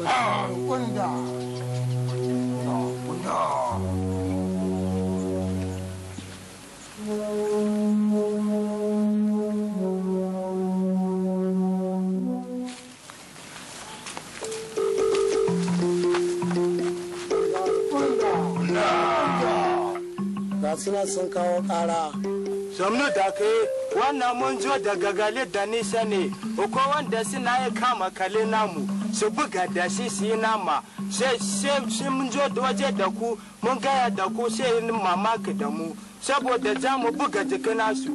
Kunda. da ke wannan mun zo daga gale da nisa ne, ko wanda suna ya kama kale namu. su buga da shi su yi nama sai mun zo waje da ku mun gaya da ku sai yi mamaki da mu saboda za mu buga jikin nasu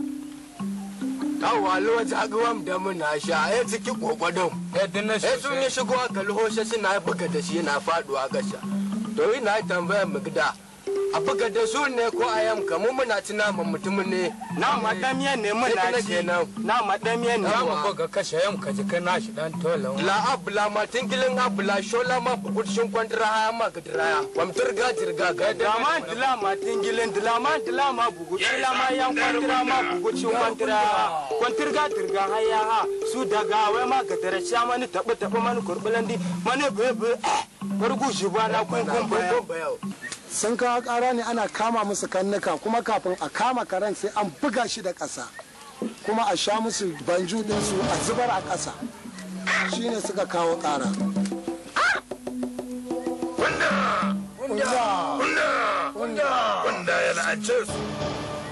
awa ta agawam da muna sha ya ciki kokodon ya sun yi shigo a kalhoshe suna buga da shi na faduwa gasha to yi tambayar mu gida a buga da su ne ko a yamka mu muna ci nama mutum ne na madamiya ne muna ci na madamiya ne wa ko ga kashe yamka ka jika na shi dan tola la abla ma tingilin abla shola ma bugut shin kwandira ha ma ya. diraya kwamtir ga jirga ga da ma dila ma tingilin dila ma dila ma bugut dila ma yan kwandira ma bugut shin kwandira kwantir ga ha ya ha su daga wai ma ga sha ma tabu tabu mani kurbulandi mani bebe eh bargu ba na kunkun baya sun kawo kara ne ana kama musu kannuka kuma kafin a kama karen sai an buga shi da ƙasa kuma a sha musu banju su a zubar a ƙasa shine suka kawo ƙara Kunda ya la'ance su,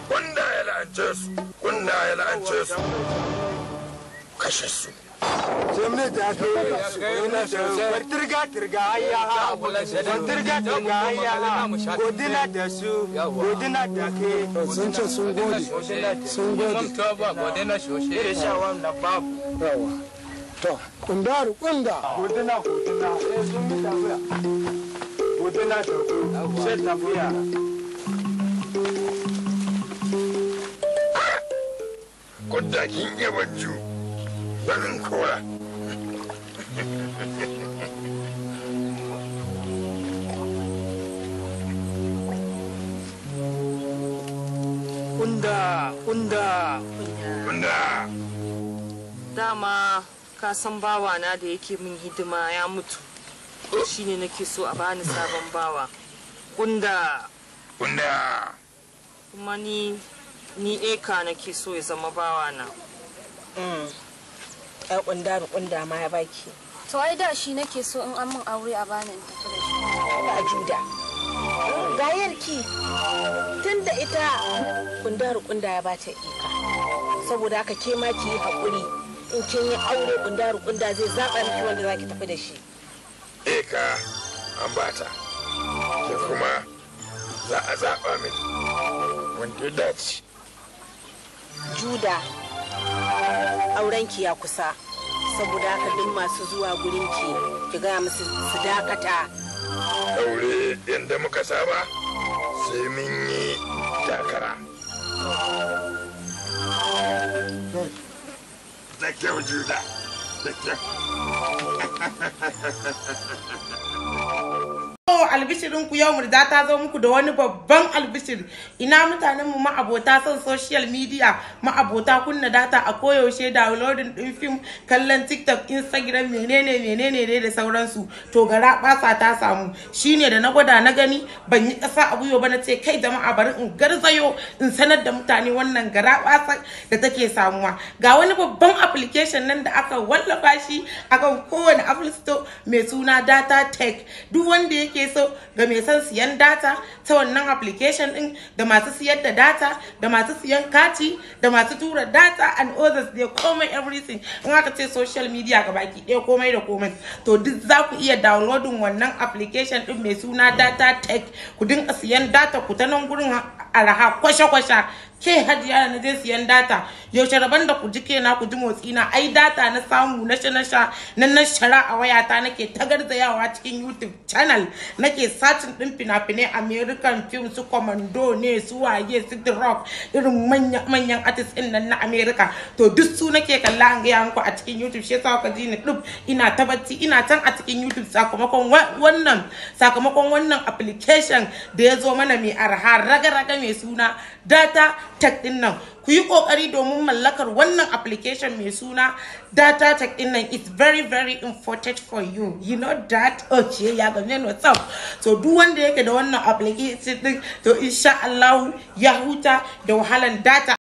wanda ya la'ance su, wanda ya la'ance su, kashe su. ಸುಮ್ಮನೆ ಜಾಸ್ತಿ ಬರ್ತಿರ್ಗ da babu yawa to eh, barin kora kunda kunda kunda dama ka san bawana da yake min hidima ya mutu shine nake so a bani sabon bawa kunda kunda kuma ni ni eka nake so ya zama bawana mm. kunda kunda ma ya baki to ai da shi nake so in an min aure a bani tafi da shi ba juda gayarki tunda ita kunda kunda ya bata ika saboda haka ke ma ki yi hakuri in kin yi aure kunda kunda zai zaba miki wanda zaki tafi da shi eka an bata ke kuma za a zaba miki wanda ya dace juda aurenki ya kusa saboda haka duk masu zuwa gurinki ki gaya musu su dakata aure yadda muka saba sai mun yi takara da kyau juda da kyau albishirin ku yau murda ta zo muku da wani babban albishir ina mutanen mu ma'abota son social media ma'abota kunna data a koyaushe downloading din film kallon tiktok instagram menene menene ne da sauransu to gara basa ta samu shine da na gwada na gani ban yi kasa a gwiwa ba na ce kai jama'a bari in garzayo in sanar da mutane wannan gara basa da take samuwa ga wani babban application nan da aka wallafa shi akan kowane apple store mai suna data tech duk wanda yake so ga mai son siyan data ta wannan application din da masu siyar da data da masu siyan kati da masu tura data and others de komai everything in aka ce social media ga baki ɗaya komai da komai to duk za ku iya downloading wannan application din mai suna data tech ku dinga siyan data ku ta nan gurin araha kwasha-kwasha ke hadiya na je siyan data yaushe rabon da ku ji kena ku ji motsi na ai data na samu na sha na na shara a wayata nake ta garzayawa cikin youtube channel nake satin din fina-finai american film su commando ne su waye su the rock irin manyan artist din nan na america to duk su nake kalla an gaya muku a cikin youtube shi yasa ka ji ni dub ina ta bacci ina can a cikin youtube sakamakon wannan sakamakon wannan application da ya zo mana mai arha raga-raga mai suna data tech din nan ku yi kokari domin mallakar wannan application mai suna data tech din nan it's very very important for you you know that okay ya ga ne so duk wanda yake da wannan application din to insha Allah ya huta da wahalan data